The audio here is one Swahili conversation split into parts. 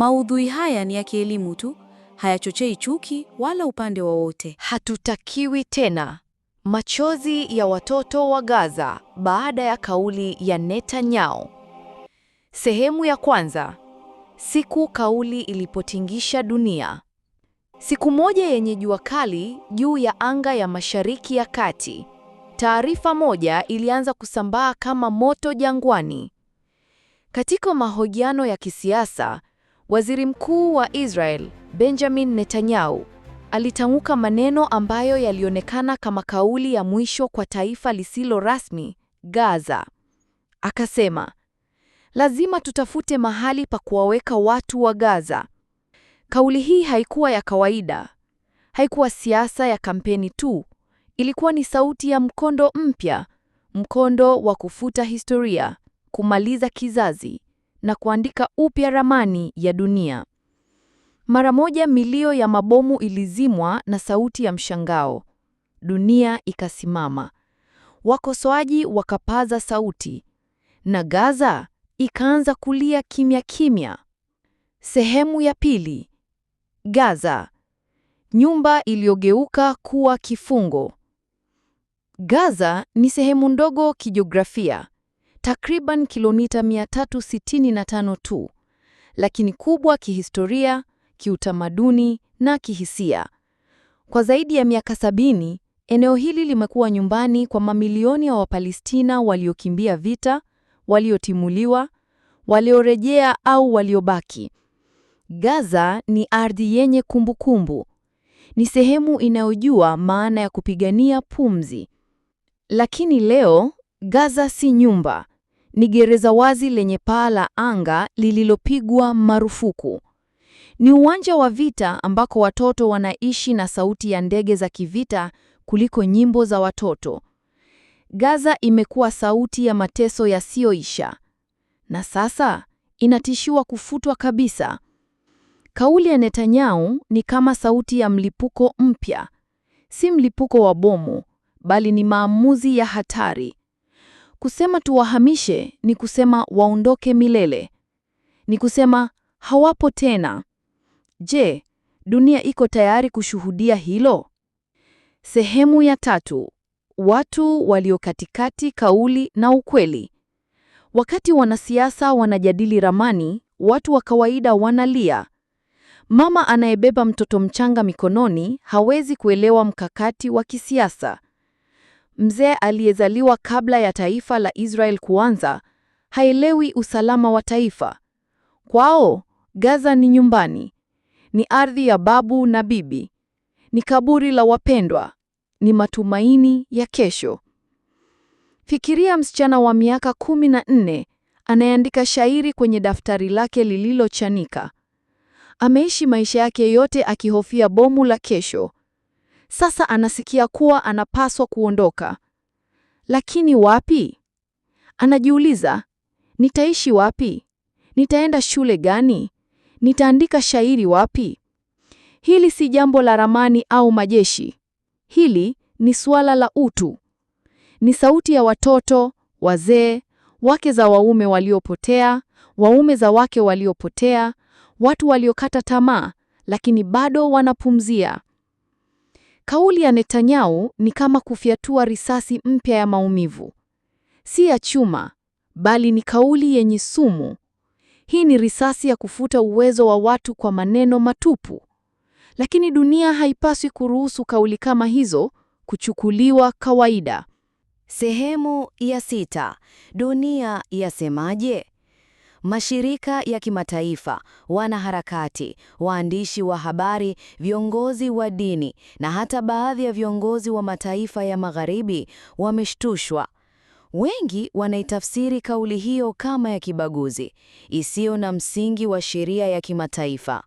Maudhui haya ni ya kielimu tu, hayachochei chuki wala upande wowote. Hatutakiwi tena machozi ya watoto wa Gaza baada ya kauli ya Netanyahu. Sehemu ya kwanza. Siku kauli ilipotingisha dunia. Siku moja yenye jua kali juu ya anga ya Mashariki ya Kati, taarifa moja ilianza kusambaa kama moto jangwani. Katika mahojiano ya kisiasa, Waziri Mkuu wa Israel, Benjamin Netanyahu, alitamka maneno ambayo yalionekana kama kauli ya mwisho kwa taifa lisilo rasmi, Gaza. Akasema, lazima tutafute mahali pa kuwaweka watu wa Gaza. Kauli hii haikuwa ya kawaida. Haikuwa siasa ya kampeni tu. Ilikuwa ni sauti ya mkondo mpya, mkondo wa kufuta historia, kumaliza kizazi na kuandika upya ramani ya dunia. Mara moja milio ya mabomu ilizimwa na sauti ya mshangao. Dunia ikasimama. Wakosoaji wakapaza sauti na Gaza ikaanza kulia kimya kimya. Sehemu ya pili. Gaza. Nyumba iliyogeuka kuwa kifungo. Gaza ni sehemu ndogo kijiografia, takriban kilomita 365 tu, lakini kubwa kihistoria, kiutamaduni na kihisia. Kwa zaidi ya miaka sabini, eneo hili limekuwa nyumbani kwa mamilioni ya Wapalestina waliokimbia vita, waliotimuliwa, waliorejea au waliobaki. Gaza ni ardhi yenye kumbukumbu kumbu. Ni sehemu inayojua maana ya kupigania pumzi. Lakini leo Gaza si nyumba, ni gereza wazi lenye paa la anga lililopigwa marufuku. Ni uwanja wa vita ambako watoto wanaishi na sauti ya ndege za kivita kuliko nyimbo za watoto. Gaza imekuwa sauti ya mateso yasiyoisha, na sasa inatishiwa kufutwa kabisa. Kauli ya Netanyahu ni kama sauti ya mlipuko mpya. Si mlipuko wa bomu, bali ni maamuzi ya hatari. Kusema tuwahamishe ni kusema waondoke milele, ni kusema hawapo tena. Je, dunia iko tayari kushuhudia hilo? Sehemu ya tatu: watu walio katikati, kauli na ukweli. Wakati wanasiasa wanajadili ramani, watu wa kawaida wanalia. Mama anayebeba mtoto mchanga mikononi hawezi kuelewa mkakati wa kisiasa mzee aliyezaliwa kabla ya taifa la Israel kuanza haelewi usalama wa taifa. Kwao Gaza ni nyumbani, ni ardhi ya babu na bibi, ni kaburi la wapendwa, ni matumaini ya kesho. Fikiria msichana wa miaka kumi na nne anayeandika shairi kwenye daftari lake lililochanika. Ameishi maisha yake yote akihofia bomu la kesho, sasa anasikia kuwa anapaswa kuondoka, lakini wapi? Anajiuliza, nitaishi wapi? Nitaenda shule gani? Nitaandika shairi wapi? Hili si jambo la ramani au majeshi. Hili ni suala la utu. Ni sauti ya watoto, wazee, wake za waume waliopotea, waume za wake waliopotea, watu waliokata tamaa lakini bado wanapumzia. Kauli ya Netanyahu ni kama kufyatua risasi mpya ya maumivu. Si ya chuma, bali ni kauli yenye sumu. Hii ni risasi ya kufuta uwezo wa watu kwa maneno matupu. Lakini dunia haipaswi kuruhusu kauli kama hizo kuchukuliwa kawaida. Sehemu ya sita. Dunia yasemaje? Mashirika ya kimataifa, wanaharakati, waandishi wa habari, viongozi wa dini na hata baadhi ya viongozi wa mataifa ya Magharibi wameshtushwa. Wengi wanaitafsiri kauli hiyo kama ya kibaguzi, isiyo na msingi wa sheria ya kimataifa.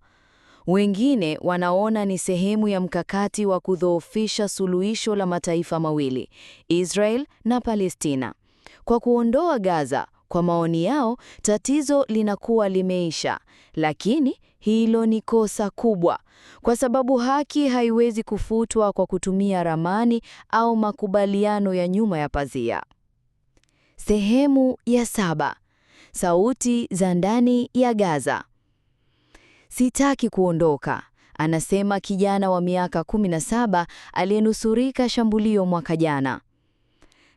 Wengine wanaona ni sehemu ya mkakati wa kudhoofisha suluhisho la mataifa mawili, Israel na Palestina. Kwa kuondoa Gaza, kwa maoni yao, tatizo linakuwa limeisha, lakini hilo ni kosa kubwa, kwa sababu haki haiwezi kufutwa kwa kutumia ramani au makubaliano ya nyuma ya pazia. Sehemu ya saba: sauti za ndani ya Gaza. Sitaki kuondoka, anasema kijana wa miaka 17 aliyenusurika shambulio mwaka jana.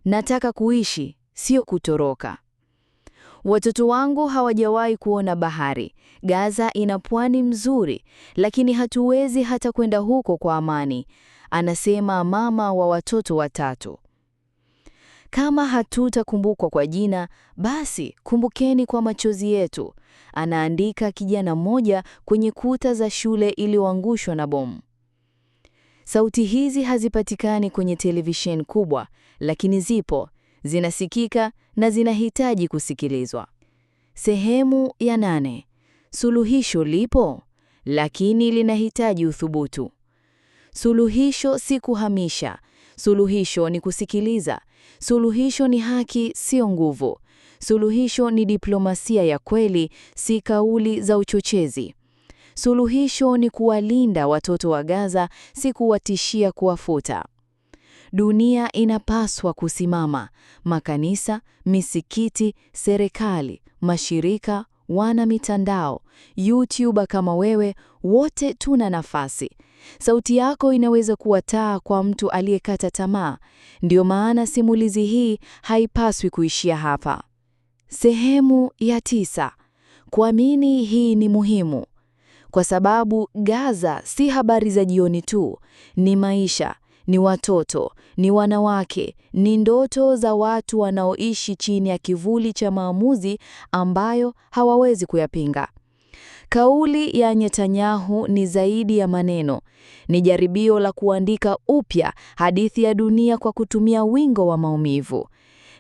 Nataka kuishi, sio kutoroka. Watoto wangu hawajawahi kuona bahari. Gaza ina pwani mzuri, lakini hatuwezi hata kwenda huko kwa amani, anasema mama wa watoto watatu. Kama hatutakumbukwa kwa jina, basi kumbukeni kwa machozi yetu, anaandika kijana mmoja kwenye kuta za shule iliyoangushwa na bomu. Sauti hizi hazipatikani kwenye televisheni kubwa, lakini zipo zinasikika na zinahitaji kusikilizwa. Sehemu ya nane. Suluhisho lipo, lakini linahitaji uthubutu. Suluhisho si kuhamisha. Suluhisho ni kusikiliza. Suluhisho ni haki, sio nguvu. Suluhisho ni diplomasia ya kweli, si kauli za uchochezi. Suluhisho ni kuwalinda watoto wa Gaza, si kuwatishia kuwafuta. Dunia inapaswa kusimama: makanisa, misikiti, serikali, mashirika, wana mitandao, YouTuber kama wewe, wote tuna nafasi. Sauti yako inaweza kuwa taa kwa mtu aliyekata tamaa. Ndio maana simulizi hii haipaswi kuishia hapa. Sehemu ya tisa: kuamini hii ni muhimu, kwa sababu Gaza si habari za jioni tu, ni maisha ni watoto, ni wanawake, ni ndoto za watu wanaoishi chini ya kivuli cha maamuzi ambayo hawawezi kuyapinga. Kauli ya Netanyahu ni zaidi ya maneno. Ni jaribio la kuandika upya hadithi ya dunia kwa kutumia wingo wa maumivu.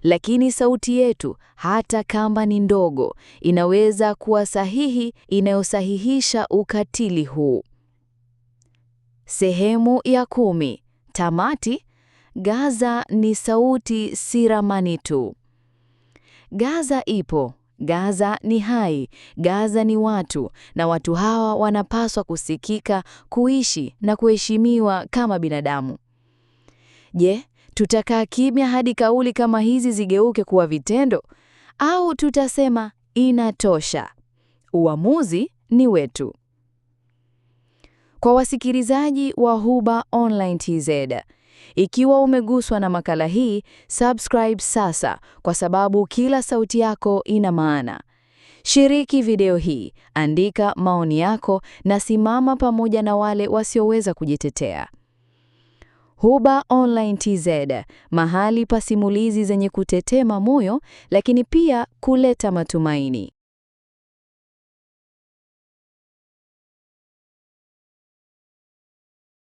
Lakini sauti yetu, hata kama ni ndogo, inaweza kuwa sahihi inayosahihisha ukatili huu. Sehemu ya kumi. Tamati, Gaza ni sauti, si ramani tu. Gaza ipo, Gaza ni hai, Gaza ni watu, na watu hawa wanapaswa kusikika, kuishi na kuheshimiwa kama binadamu. Je, tutakaa kimya hadi kauli kama hizi zigeuke kuwa vitendo, au tutasema inatosha? Uamuzi ni wetu. Kwa wasikilizaji wa Huba Online TZ, ikiwa umeguswa na makala hii, subscribe sasa, kwa sababu kila sauti yako ina maana. Shiriki video hii, andika maoni yako na simama pamoja na wale wasioweza kujitetea. Huba Online TZ, mahali pa simulizi zenye kutetema moyo, lakini pia kuleta matumaini.